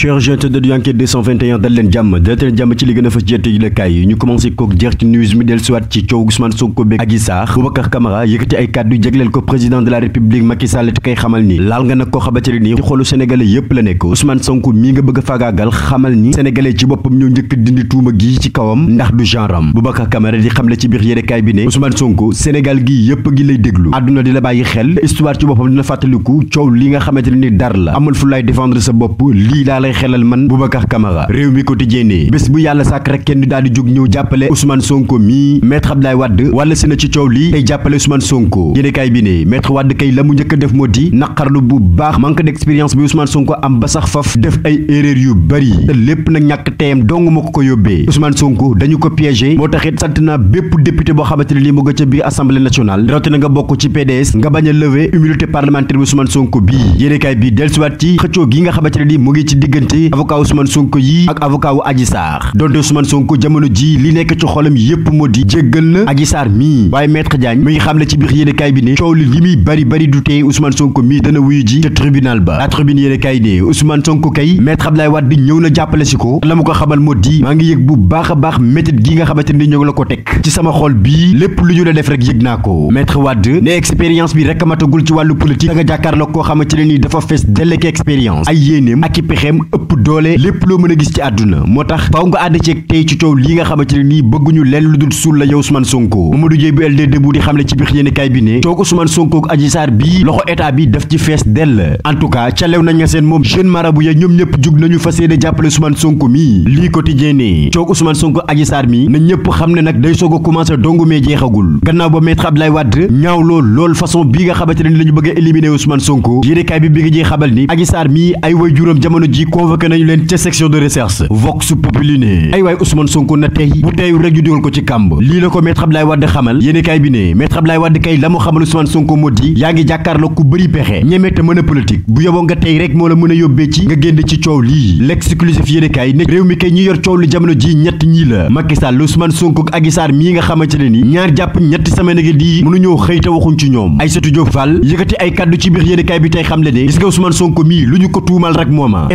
chers jeunes de Enquête 221 dal leen jàmm dal leen jàmm ci li gën a fës jett yi lëkkaay yi ñu commencé kook jeex ci news mi del siwaat ci coow Ousmane Sonko beeg nga bëgg a faagaagal xamal ni sénégalais ci boppam ñoo njëkk dindi tuuma gi ci kawam ndax du genre am Boubacar Camara di xamle ci biir yéenekaay bi ne Ousmane Sonko Sénégal gi yépp gi lay déglu àdduna di la bàyyi xel histoire ci boppam dina fàttaliku coow li nga xamante ni dar la amul fu lay défendre sa koy xelal man Boubacar Camara réew mi quotidien ne bés bu yàlla sàkk rek kenn daal jóg ñëw jàppale Ousmane Sonko mii maître Abdoulaye Wade wala si na ci coow lii tey jàppale Ousmane Sonko yéenekaay bi ne maître Wade kay la mu njëkk a def moo di naqarlu bu baax manque d'expérience bi Ousmane Sonko am ba faf def ay erreur yu bari te lépp nag ñàkk teyam dong ko ko yóbbee Ousmane Sonko dañu ko piégé moo tax sant naa bépp député boo xamante ne mu nga a lever immunité diggante avocat Ousmane Sonko yi ak avocat wu Adji Sarr donte Ousmane Sonko jamono ji li nekk ci xolam yépp moo di jéggal na Adji Sarr mii waaye maître Diagne mi ngi xam ne ci biir yéene kaay bi ne coow li li muy bari bari du tee Ousmane Sonko mii dana wuyu ji ca tribunal ba la tribune yéene kay ne Ousmane Sonko kay maître Abdoulaye Wade ñëw na jàppale si ko la mu ko xamal moo di maa ngi yëg bu baax a baax métit gi nga xamante ne ñoo ngi la ko teg ci sama xol bi lépp lu ñu la def rek yëg naa ko maître Wade ne expérience bi rek matagul ci wàllu politique da nga koo xamante ne ni dafa fees delleke expérience ay yéeneem ak i ëpp doole lépp loo mën a gis ci àdduna moo tax faaw nga ànd ceeg tey ci coow lii nga xamante ne nii bëgguñu lenn lu dul suul la yow Ousmane Sonko Mamadou Dieye bu LD Debout di xamle ci biir yéenekaay bi ne coow Ousmane Sonko ak Adji Sarr bii loxo état bi daf ci fees dell en tout cas ca lew nañ nga seen moom jeune marabu ya ñoom ñëpp jug nañu fas yéene jàppale Ousmane Sonko mi lii quotidien ne coow Ousmane Sonko Adji Sarr na ñëpp xam ne nag day soo a commencé dongu mee jeexagul gannaaw ba maître Abdoulaye Wade lool lool façon nga xamante ne la ñu bëgg a éliminer Ousmane Sonko yéenekaay bi bi convoqué ne ay waay Ousmane Sonko na tey bu teyu rek ñu dugal ko ci kàmb lii la ko maître Abdoulaye Wade xamal yéene bi ne maître Abdoulaye Wade kay la mu xamal Ousmane Sonko moo di yaa ngi jàkkaarloo ku bëri pexe ñeme te mën a politique bu yoboo nga tey rek moo la mën a yóbbee ci nga génn ci coow lii l'exclusif yéene kaay ne réew mi kay ñu yor coow lu jamono ji ñett ñii la Macky Sall Ousmane Sonko ak Adji mii nga xamante ne ni ñaar jàpp ñetti semaine a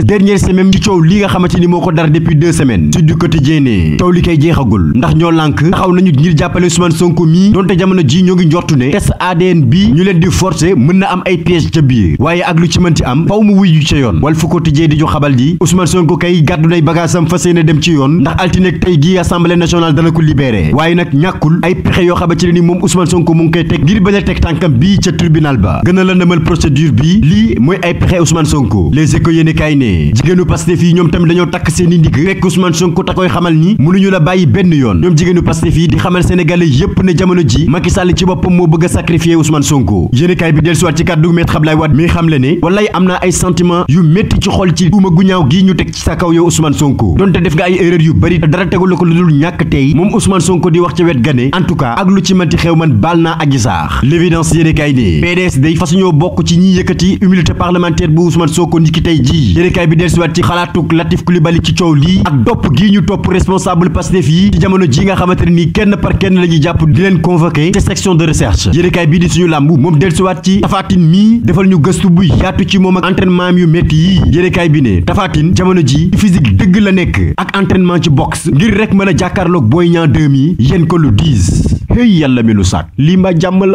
nekk dernière semaine ci coow li nga xamante ni moo ko dara depuis deux semaines Sud Quotidien ne coow li koy jeexagul ndax ñoo lànk taxaw nañu ngir jàppale Ousmane Sonko mii donte jamono ji ñoo ngi njortu ne test ADN bi ñu leen di forcé mën na am ay piège ca biir waaye ak lu ci mënti am faw mu wuyu ca yoon Walf Quotidien di ñu xabal di Ousmane Sonko kay gàddu nay bagaasam fas yéene dem ci yoon ndax altinek tey gi assemblée nationale dana ko libéré waaye nag ñàkkul ay pexe yoo xamante ne ni moom Ousmane Sonko mu ngi koy teg ngir bañ a teg tànkam bii ca tribunal ba gën a la nëmal bi lii mooy ay pexe Ousmane Sonko les éco yéene kay ne ne jigéenu Pastef yi ñoom tamit dañoo takk seen i ndigg fekk Sonko ta koy xamal ni mënuñu la bàyyi benn yoon ñoom jigéenu Pastef yi di xamal sénégalais yépp ne jamono ji Macky ci boppam moo bëgg a sacrifier Sonko yéenekaay bi dellusiwaat ci kàddu Maître Abdoulaye Wade mi xam le ne wallaay am naa ay sentiment yu métti ci xol ci uuma gu ñaaw ñu teg ci sa kaw yow Ousmane Sonko donte def nga ay erreur yu bari dara tegul la ko lu dul ñàkk tey yéenekaay bi dellusiwaat ci xalaatug Latif Coulibaly ci coow lii ak topp gii ñu topp responsable Pastef yi ci jamono ji nga xamante ne nii kenn par kenn la ñuy jàpp di leen convoqué ci section de recherche yéenekaay bii di suñu làmb moom dellusiwaat ci tafaatin mii defal ñu gëstu bu yaatu ci moom ak entraînement am yu métti yi yéenekaay bi ne tafaatin jamono ji physique dëgg la nekk ak entraînement ci boxe ngir rek mën a jàkkaarloog Boy Niang 2 mi yéen ko lu diis xëy yàlla lu sàkk lii mba jàmm